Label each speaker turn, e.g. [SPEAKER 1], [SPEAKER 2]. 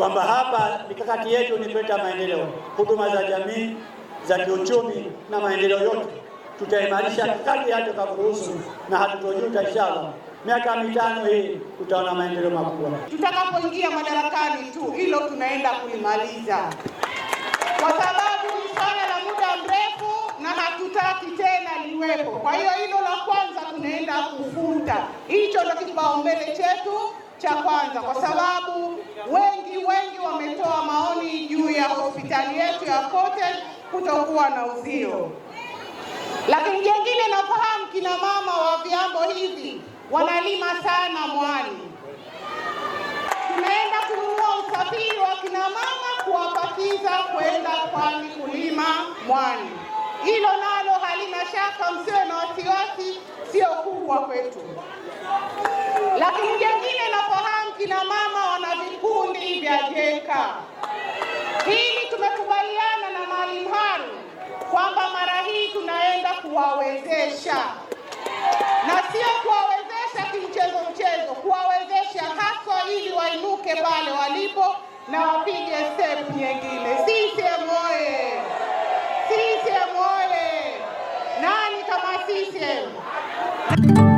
[SPEAKER 1] kwamba hapa mikakati yetu ni kuleta maendeleo, huduma za jamii, za kiuchumi na maendeleo yote tutaimarisha kadri hata kuruhusu, na hatutojuta inshallah. Miaka mitano hii tutaona maendeleo makubwa.
[SPEAKER 2] Tutakapoingia madarakani tu hilo tunaenda kulimaliza, kwa sababu ni swala la muda mrefu na hatutaki tena liwepo. Kwa hiyo hilo la kwanza tunaenda kufuta, hicho ndio kipaumbele chetu cha kwanza, kwa sababu hospitali yetu ya Kotel kutokuwa na uzio. Lakini jengine, nafahamu kina mama wa vyambo hivi wanalima sana mwani. Tunaenda kununua usafiri wa kina mama kuwapakiza kwenda kwani kulima mwani. Hilo nalo halina shaka, msiwe na wasiwasi, sio kubwa kwetu. Lakini jengine, nafahamu kina mama wana vikundi vya jeka kuwawezesha na sio kuwawezesha kimchezo mchezo, kuwawezesha haswa ili wainuke pale walipo na wapige step nyingine. CCM oye! CCM oye! Nani kama CCM?